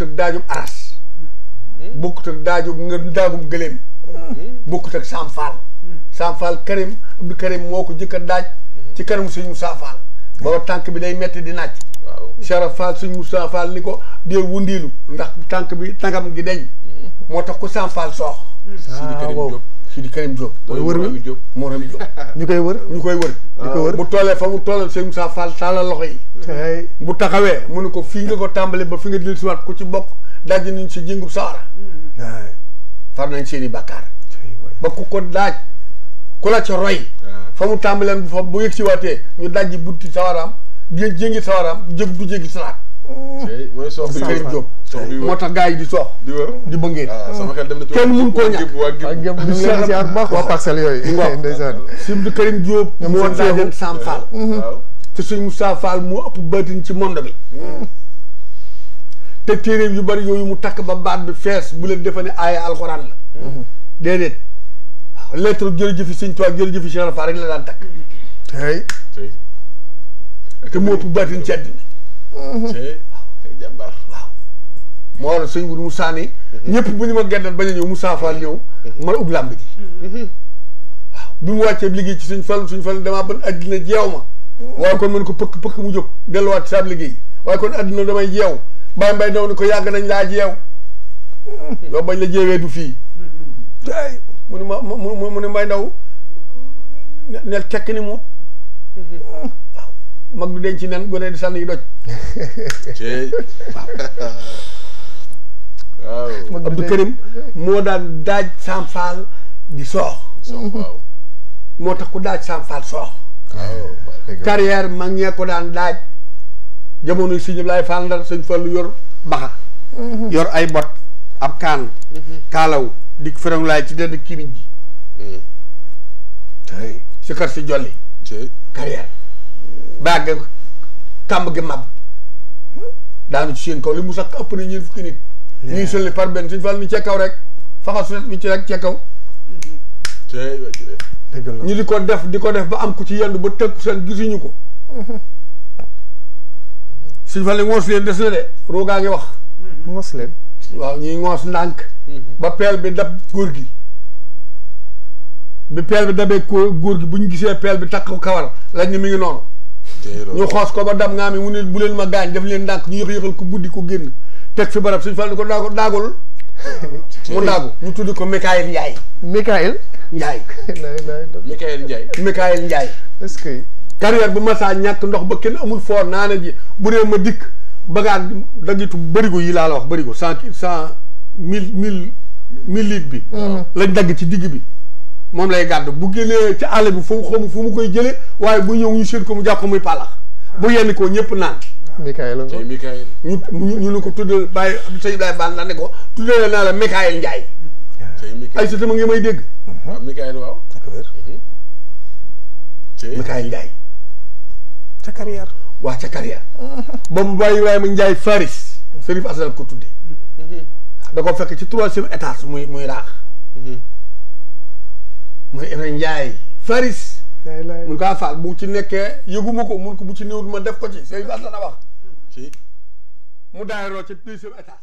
bokkut ak daajum aras hmm? bokkut ak daajum nga daagum gëléem hmm? bokkut ak Sam Fall hmm? Sam Fall Karim Abdou Karim moo ko jëkk a daaj ci kanam sëñ Moussa Fall booba tànk bi day metti di naaj Sharaf Fall sëñ Moussa Fall ni ko deel wundiilu ndax tànk bi tànkam gi deñ moo tax ko Sam Fall soox Sidi Karim Diop. mooy wër mi mooy wër mi Diop. ñu koy wër ñu koy wër. ñu koy wër bu toolee fa mu toolal Sëñ Moussa Fall taalal loxo yi. bu taxawee mu ne ko fii nga ko tàmbalee ba fi nga dellu siwaat ku ci bokk daj nañ si jëngu sawara. Mm-hmm. far nañ seen i bàkkaar. ba ku ko daaj ku la ca roy. Ah. fa mu tàmbalee bu fa bu yëg si waatee ñu daj bunti sawaraam di jëngi sawaraam jëg du jëgi salaat. mooy moo tax gars yi di soo di wër di bëngee ah, sama xel dem na kenn mun koo ñàkk waa gëm ñu leen ziar bu baax waa parcelle yooyu waaw ndeysaan mhm. ëpp bëtin ci monde bi mm. te téere yu bari yooyu mu takk ba baat bi fees bu leen defe ne aaya alxuraan la mm. mhm. déedéet waaw lettre jërëjëfi sëñ Tuubaa jërëjëfi Cheikh Fall rek la daan takk tey te moo ëpp bëtin ci àddina tey mhm. jàmbar waaw moo waral bu Moussa ni mhm. ñëpp bu ñu ma geddal bañ a ñëw mu Fall ñëw mhm. man ub làmb ji bi mu wàccee liggéey ci suñ fal suñ fal damaa ban àddina jeew ma waaye kon mën ko pëkk pëkk mu jóg delluwaat saab liggéey waaye kon àddina damay jeew bàyyi mbay daw ni ko yàgg nañ laa jeew loo bañ la jeewee du fii tey mu mu ne mbay ndaw nel tekk ni mu mag du denc nen gone di sànni doj waaw Abdou Karim moo daan daaj Sam Fall di soox mo tax ku daj Sam Fall soox carrière mag ñee ko daan daaj jamono si lay Fall Ndar sëñ yor baxa yor ay bot ab kan kalaw di ferang lay ci dënd kimiñ tay ci kar jolli carrière bagge kàmb gi mab daanu ci seen kaw li mu sakk na ñeen fukki nit ñuy sëlli par benn suñ fal ni cee kaw rek faxa sunet bi ci rek cee kaw ñu di ko def di ko def ba am ku ci yendu ba tëkku seen gisuñu ko suñ fal ni ngoos leen des na de roogaa ngi wax ngoos leen waaw ñuy ngoos ndànk mm-hmm. ba peel bi dab góor gi bi peel bi dabee góor gi bu gisee peel bi takk kawar lañ mi ngi noonu ñu xoos ko ba dam ngaa mi mu ne bu leen ma gaañ daf leen ndànk ñu yëx yëxal ko buddi ko génn teg fi barab suñ fal ko daago daagul mu daagu ñu tudd ko Mikael Ndiaye Mikael Ndiaye Mikael Ndiaye Mikael Ndiaye est que carrière bu masaa ñàkk ndox ba kenn amul foor naana ji bu dee ma dikk bagaan dagitu bërigo yi laa la wax bërigo cent cent mille mille mille bi mm-hmm. lañ dagg ci digg bi moom lay gàdd bu génnee ci àll bi fu mu xamu fu mu koy jële waaye bu ñëw ñu seet ko mu jàpp muy palax bu yenn koo ñëpp naan. Mikaël ko Mikaël ñu ñu ne ko tuddal bàyyi sëñ Ibrahima la ne ko tuddal naa la Mikaël ay sa ngi may dégg. waaw Mikaël waaw. Mhm. Mikaël Ndiaye. ca carrière. waa ca carrière. Mhm. ba mu bàyyi Ibrahima Ndiaye Faris. Serif Asal ko tudde mhm. da ko fekk ci troisième étage muy muy raax. mooy Emel Ndiaye Faris. mun kaa faal bu ci nekkee yëguma ko mun ko bu ci néewut ma def ko ci sëñ bi la wax si mu daayiroo ci deuxième étage